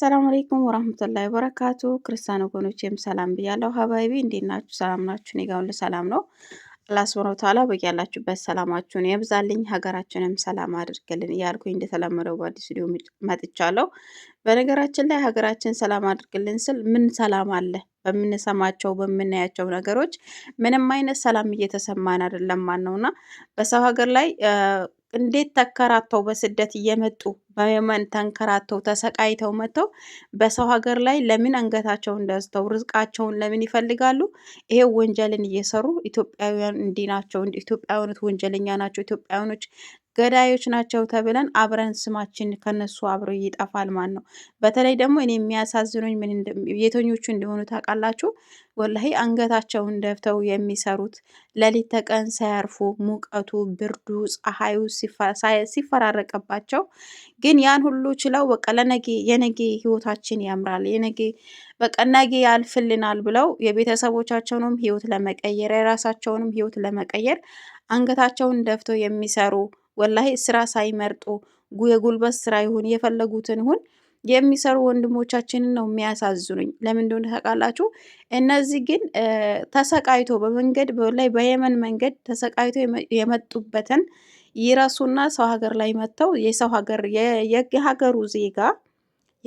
ሰላም አለይኩም ወራህመቱላሂ ወበረካቱ። ክርስቲያን ወገኖቼም ሰላም ብያለሁ። ሀባይቢ እንዴት ናችሁ? ሰላም ናችሁ? እኔ ጋር ሁሉ ሰላም ነው። አላህ ሱብሃነሁ ወተዓላ በያላችሁበት ሰላማችሁን ያብዛልኝ፣ ሀገራችንም ሰላም አድርግልን እያልኩኝ እንደተለመደው በአዲስ ቪዲዮ መጥቻለሁ። በነገራችን ላይ ሀገራችን ሰላም አድርግልን ስል ምን ሰላም አለ? በምንሰማቸው በምናያቸው ነገሮች ምንም አይነት ሰላም እየተሰማን አይደለም። ማን ነውና በሰው ሀገር ላይ እንዴት ተንከራተው በስደት እየመጡ በየመን ተንከራተው ተሰቃይተው መጥተው በሰው ሀገር ላይ ለምን አንገታቸውን ደስተው ርዝቃቸውን ለምን ይፈልጋሉ? ይሄ ወንጀልን እየሰሩ ኢትዮጵያውያን እንዲህ ናቸው፣ ኢትዮጵያውያኖች ወንጀለኛ ናቸው፣ ኢትዮጵያውያኖች ገዳዮች ናቸው ተብለን አብረን ስማችን ከነሱ አብሮ ይጠፋል ማለት ነው። በተለይ ደግሞ እኔ የሚያሳዝኑኝ የተኞቹ እንደሆኑ ታውቃላችሁ? ወላሂ አንገታቸውን ደፍተው የሚሰሩት ሌሊት ተቀን ሳያርፉ ሙቀቱ፣ ብርዱ፣ ፀሐዩ ሲፈራረቀባቸው ግን ያን ሁሉ ችለው በቃ ለነጌ የነጌ ህይወታችን ያምራል የነጌ በቃ ነጌ ያልፍልናል ብለው የቤተሰቦቻቸውንም ህይወት ለመቀየር የራሳቸውንም ህይወት ለመቀየር አንገታቸውን ደፍተው የሚሰሩ ወላሂ ስራ ሳይመርጡ የጉልበት ስራ ይሁን የፈለጉትን ይሁን የሚሰሩ ወንድሞቻችንን ነው የሚያሳዝኑኝ። ለምን እንደሆነ ታውቃላችሁ? እነዚህ ግን ተሰቃይቶ በመንገድ ላይ በየመን መንገድ ተሰቃይቶ የመጡበትን ይረሱና ሰው ሀገር ላይ መጥተው የሰው ሀገር የሀገሩ ዜጋ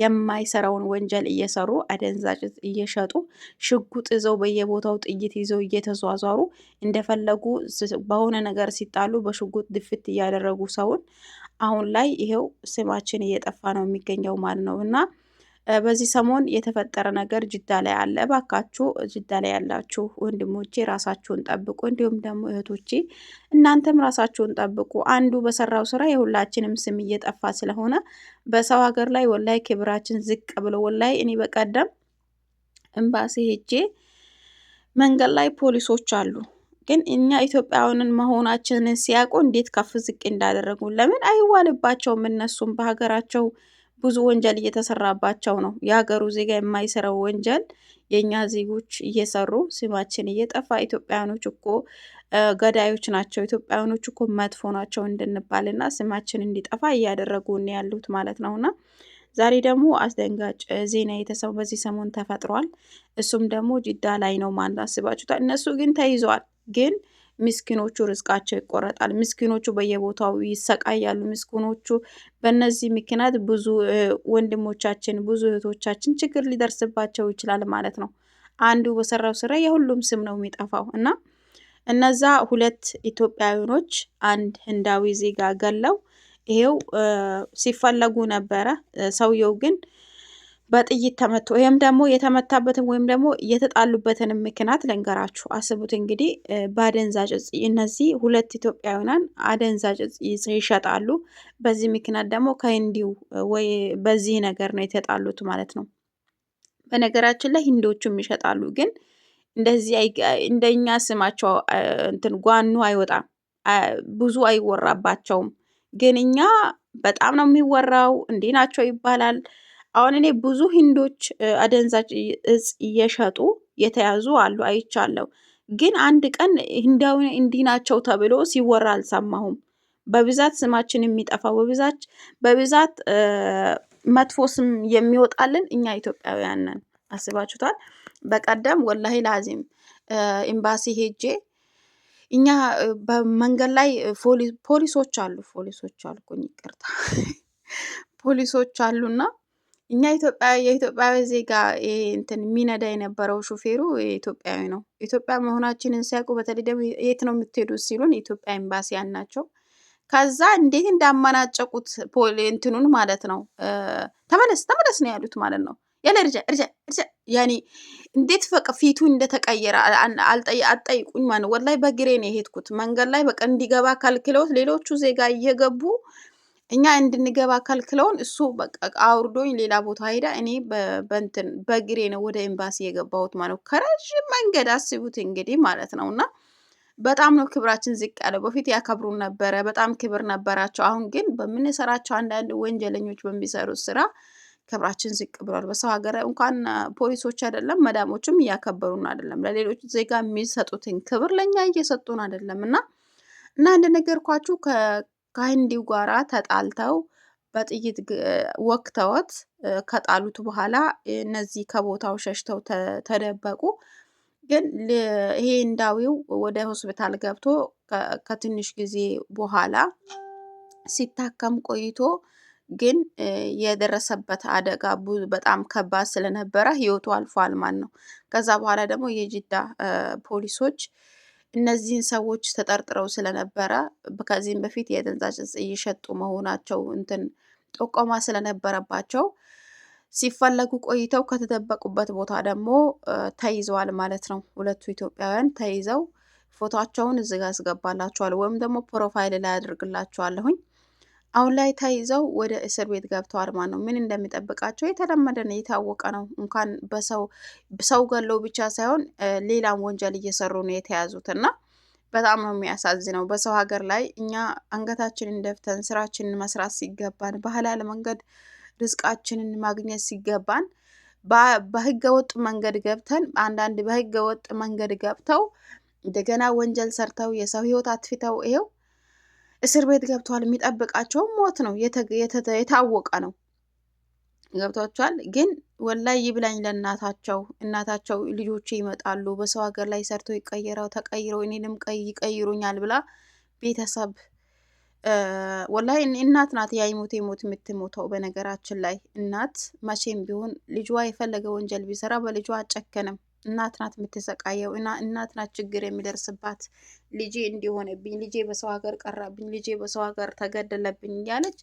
የማይሰራውን ወንጀል እየሰሩ አደንዛዥ እየሸጡ ሽጉጥ ይዘው በየቦታው ጥይት ይዘው እየተዟዟሩ እንደፈለጉ በሆነ ነገር ሲጣሉ በሽጉጥ ድፍት እያደረጉ ሰውን አሁን ላይ ይሄው ስማችን እየጠፋ ነው የሚገኘው ማለት ነው እና በዚህ ሰሞን የተፈጠረ ነገር ጅዳ ላይ አለ። እባካችሁ ጅዳ ላይ ያላችሁ ወንድሞቼ ራሳችሁን ጠብቁ፣ እንዲሁም ደግሞ እህቶቼ እናንተም ራሳችሁን ጠብቁ። አንዱ በሰራው ስራ የሁላችንም ስም እየጠፋ ስለሆነ በሰው ሀገር ላይ ወላይ ክብራችን ዝቅ ብሎ ወላይ እኔ በቀደም እምባሴ ሄጄ መንገድ ላይ ፖሊሶች አሉ። ግን እኛ ኢትዮጵያውያንን መሆናችንን ሲያውቁ እንዴት ከፍ ዝቅ እንዳደረጉ ለምን አይዋልባቸውም? እነሱም በሀገራቸው ብዙ ወንጀል እየተሰራባቸው ነው። የሀገሩ ዜጋ የማይሰራው ወንጀል የእኛ ዜጎች እየሰሩ ስማችን እየጠፋ ኢትዮጵያውያኖች እኮ ገዳዮች ናቸው፣ ኢትዮጵያውያኖች እኮ መጥፎ ናቸው እንድንባልና ስማችን እንዲጠፋ እያደረጉ ያሉት ማለት ነውና ዛሬ ደግሞ አስደንጋጭ ዜና የተሰው በዚህ ሰሞን ተፈጥሯል። እሱም ደግሞ ጅዳ ላይ ነው። ማን አስባችሁታል? እነሱ ግን ተይዘዋል ግን ምስኪኖቹ ርዝቃቸው ይቆረጣል። ምስኪኖቹ በየቦታው ይሰቃያሉ። ምስኪኖቹ በእነዚህ ምክንያት ብዙ ወንድሞቻችን፣ ብዙ እህቶቻችን ችግር ሊደርስባቸው ይችላል ማለት ነው። አንዱ በሰራው ስራ የሁሉም ስም ነው የሚጠፋው እና እነዛ ሁለት ኢትዮጵያውያኖች አንድ ህንዳዊ ዜጋ ገለው ይሄው ሲፈለጉ ነበረ። ሰውየው ግን በጥይት ተመቶ ወይም ደግሞ የተመታበትን ወይም ደግሞ የተጣሉበትን ምክንያት ልንገራችሁ። አስቡት እንግዲህ በአደንዛዥ እጽ እነዚህ ሁለት ኢትዮጵያውያን አደንዛዥ እጽ ይሸጣሉ። በዚህ ምክንያት ደግሞ ከህንዲው ወይ በዚህ ነገር ነው የተጣሉት ማለት ነው። በነገራችን ላይ ህንዶቹም ይሸጣሉ፣ ግን እንደዚህ እንደኛ ስማቸው እንትን ጓኑ አይወጣም፣ ብዙ አይወራባቸውም። ግን እኛ በጣም ነው የሚወራው። እንዲህ ናቸው ይባላል አሁን እኔ ብዙ ህንዶች አደንዛጭ እጽ እየሸጡ የተያዙ አሉ አይቻለሁ። ግን አንድ ቀን ህንዳዊ እንዲህ ናቸው ተብሎ ሲወራ አልሰማሁም። በብዛት ስማችን የሚጠፋው በብዛት በብዛት መጥፎ ስም የሚወጣልን እኛ ኢትዮጵያውያን ነን። አስባችሁታል? በቀደም ወላሂ ላዚም ኤምባሲ ሄጄ እኛ በመንገድ ላይ ፖሊሶች አሉ ፖሊሶች አልኩኝ ይቅርታ ፖሊሶች አሉና እኛ የኢትዮጵያዊ ዜጋ እንትን የሚነዳ የነበረው ሹፌሩ ኢትዮጵያዊ ነው። ኢትዮጵያ መሆናችንን ሲያውቁ በተለይ ደግሞ የት ነው የምትሄዱት ሲሉን ኢትዮጵያ ኤምባሲ ያናቸው። ከዛ እንዴት እንዳመናጨቁት ፖል እንትኑን ማለት ነው። ተመለስ ተመለስ ነው ያሉት ማለት ነው። ያለ እርጃ እርጃ እርጃ ያኔ እንዴት ፈቅ ፊቱ እንደተቀየረ አልጠይቁኝ ማለት ወላይ በግሬ ነው የሄድኩት መንገድ ላይ በቃ እንዲገባ ከልክለውት ሌሎቹ ዜጋ እየገቡ እኛ እንድንገባ ከልክለውን እሱ አውርዶኝ ሌላ ቦታ ሄዳ እኔ በንትን በግሬ ነው ወደ ኤምባሲ የገባሁት ማለት ከረዥም መንገድ አስቡት እንግዲህ ማለት ነው። እና በጣም ነው ክብራችን ዝቅ ያለው። በፊት ያከብሩን ነበረ፣ በጣም ክብር ነበራቸው። አሁን ግን በምንሰራቸው አንዳንድ ወንጀለኞች በሚሰሩት ስራ ክብራችን ዝቅ ብሏል። በሰው ሀገር እንኳን ፖሊሶች አይደለም መዳሞችም እያከበሩን አይደለም። ለሌሎች ዜጋ የሚሰጡትን ክብር ለእኛ እየሰጡን አይደለም እና እና እንደነገርኳችሁ ከህንዲው ጋራ ተጣልተው በጥይት ወግተውት ከጣሉት በኋላ እነዚህ ከቦታው ሸሽተው ተደበቁ። ግን ይሄ እንዳዊው ወደ ሆስፒታል ገብቶ ከትንሽ ጊዜ በኋላ ሲታከም ቆይቶ ግን የደረሰበት አደጋ በጣም ከባድ ስለነበረ ህይወቱ አልፏል ማለት ነው። ከዛ በኋላ ደግሞ የጅዳ ፖሊሶች እነዚህን ሰዎች ተጠርጥረው ስለነበረ ከዚህም በፊት የደንዛዥ ዕፅ እየሸጡ መሆናቸው እንትን ጥቆማ ስለነበረባቸው ሲፈለጉ ቆይተው ከተደበቁበት ቦታ ደግሞ ተይዘዋል ማለት ነው። ሁለቱ ኢትዮጵያውያን ተይዘው ፎቶቸውን እዚጋ ጋር ወይም ደግሞ ፕሮፋይል ላይ አድርግላችኋለሁኝ። አሁን ላይ ተይዘው ወደ እስር ቤት ገብተዋል ማለት ነው። ምን እንደሚጠብቃቸው የተለመደ ነው፣ የታወቀ ነው። እንኳን በሰው ሰው ገለው ብቻ ሳይሆን ሌላም ወንጀል እየሰሩ ነው የተያዙት እና በጣም ነው የሚያሳዝነው። በሰው ሀገር ላይ እኛ አንገታችንን ደፍተን ስራችንን መስራት ሲገባን፣ በሀላል መንገድ ርዝቃችንን ማግኘት ሲገባን በህገ ወጥ መንገድ ገብተን አንዳንድ በህገ ወጥ መንገድ ገብተው እንደገና ወንጀል ሰርተው የሰው ህይወት አጥፍተው ይሄው እስር ቤት ገብተዋል። የሚጠብቃቸው ሞት ነው፣ የታወቀ ነው። ገብቷቸዋል። ግን ወላይ ይብላኝ ለእናታቸው እናታቸው ልጆች ይመጣሉ፣ በሰው ሀገር ላይ ሰርቶ ይቀየረው ተቀይረው እኔንም ይቀይሩኛል ብላ ቤተሰብ ወላይ እናት ናት የአይሞት ሞት የምትሞተው። በነገራችን ላይ እናት መቼም ቢሆን ልጇ የፈለገ ወንጀል ቢሰራ በልጇ አጨከንም እናት ናት የምትሰቃየው፣ እናት ናት ችግር የሚደርስባት። ልጄ እንዲሆነብኝ፣ ልጄ በሰው ሀገር ቀራብኝ፣ ልጄ በሰው ሀገር ተገደለብኝ እያለች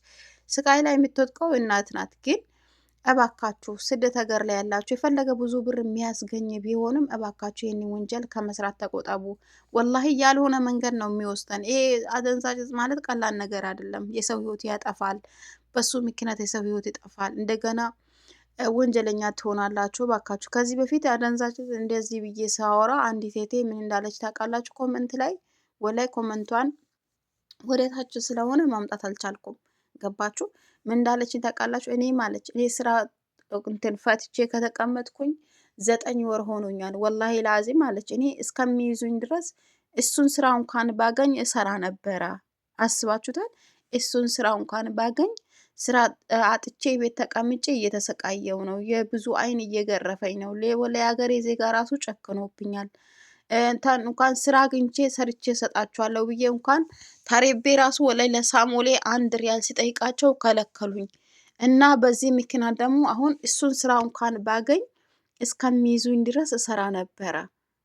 ስቃይ ላይ የምትወጥቀው እናት ናት። ግን እባካችሁ ስደት ሀገር ላይ ያላችሁ የፈለገ ብዙ ብር የሚያስገኝ ቢሆንም እባካችሁ ይህን ወንጀል ከመስራት ተቆጠቡ። ወላሂ ያልሆነ መንገድ ነው የሚወስደን። ይሄ አደንዛዥ ማለት ቀላል ነገር አይደለም። የሰው ህይወት ያጠፋል። በሱ ምክንያት የሰው ህይወት ይጠፋል። እንደገና ወንጀለኛ ትሆናላችሁ ባካችሁ። ከዚህ በፊት አደንዛችሁ እንደዚህ ብዬ ሳወራ አንዲት እህቴ ምን እንዳለች ታውቃላችሁ? ኮመንት ላይ ወላይ ኮመንቷን ወደታች ስለሆነ ማምጣት አልቻልኩም። ገባችሁ? ምን እንዳለች ታውቃላችሁ? እኔ ማለች እኔ ስራ እንትን ፈትቼ ከተቀመጥኩኝ ዘጠኝ ወር ሆኖኛል። ወላሂ ላዚም ማለች እኔ እስከሚይዙኝ ድረስ እሱን ስራ እንኳን ባገኝ እሰራ ነበረ። አስባችሁታል? እሱን ስራ እንኳን ባገኝ ስራ አጥቼ ቤት ተቀምጬ እየተሰቃየው ነው። የብዙ አይን እየገረፈኝ ነው። ሌወለ ለሀገሬ ዜጋ ራሱ ጨክኖብኛል። እንኳን ስራ አግኝቼ ሰርቼ እሰጣቸዋለሁ ብዬ እንኳን ታሬቤ ራሱ ወላይ ለሳሞሌ አንድ ሪያል ሲጠይቃቸው ከለከሉኝ እና በዚህ ምክንያት ደግሞ አሁን እሱን ስራ እንኳን ባገኝ እስከሚይዙኝ ድረስ እሰራ ነበረ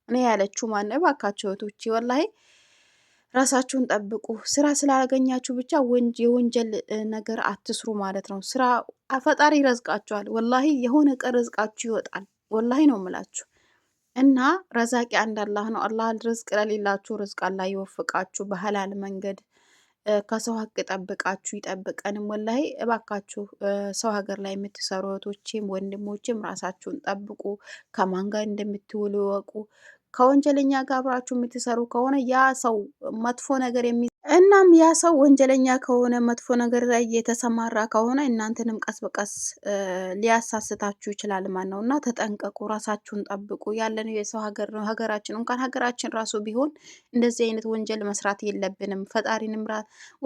እኔ ያለችው ማን እባካቸው እህቶቼ ወላሂ ራሳችሁን ጠብቁ። ስራ ስላገኛችሁ ብቻ የወንጀል ነገር አትስሩ ማለት ነው። ስራ ፈጣሪ ይረዝቃችኋል። ወላሂ የሆነ ቀን ርዝቃችሁ ይወጣል። ወላሂ ነው የምላችሁ እና ረዛቂ አንድ አላህ ነው። አላህ ርዝቅ ለሌላችሁ ርዝቅ አላህ ይወፍቃችሁ በሀላል መንገድ ከሰው ሀቅ ጠብቃችሁ ይጠብቀንም። ወላሂ እባካችሁ ሰው ሀገር ላይ የምትሰሩ እህቶቼም ወንድሞቼም ራሳችሁን ጠብቁ። ከማን ጋር እንደምትውሉ ይወቁ። ከወንጀለኛ ጋር አብራችሁ የምትሰሩ ከሆነ ያ ሰው መጥፎ ነገር የሚ እናም ያ ሰው ወንጀለኛ ከሆነ መጥፎ ነገር ላይ የተሰማራ ከሆነ እናንተንም ቀስ በቀስ ሊያሳስታችሁ ይችላል ማን ነው። እና ተጠንቀቁ፣ ራሳችሁን ጠብቁ። ያለን የሰው ሀገር ነው። ሀገራችን እንኳን ሀገራችን ራሱ ቢሆን እንደዚህ አይነት ወንጀል መስራት የለብንም። ፈጣሪንም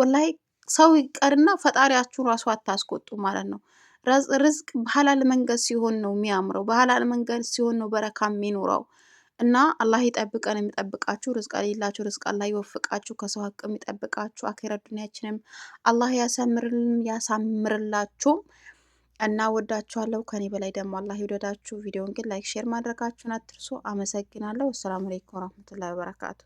ወላሂ ሰው ይቀርና ፈጣሪያችሁ ራሱ አታስቆጡ ማለት ነው። ርዝቅ ባህላል መንገድ ሲሆን ነው የሚያምረው። ባህላል መንገድ ሲሆን ነው በረካ የሚኖረው። እና አላህ ይጠብቀን፣ የሚጠብቃችሁ ርዝቅ የሌላችሁ ርዝቅ አላህ ይወፍቃችሁ፣ ከሰው ሀቅ የሚጠብቃችሁ አኼራ ዱኒያችንም አላህ ያሳምርልን ያሳምርላችሁ። እና ወዳችኋለሁ። ከኔ በላይ ደግሞ አላህ ይውደዳችሁ። ቪዲዮውን ግን ላይክ፣ ሼር ማድረጋችሁን አትርሱ። አመሰግናለሁ። አሰላሙ አለይኩም ወረህመቱላሂ ወበረካቱ።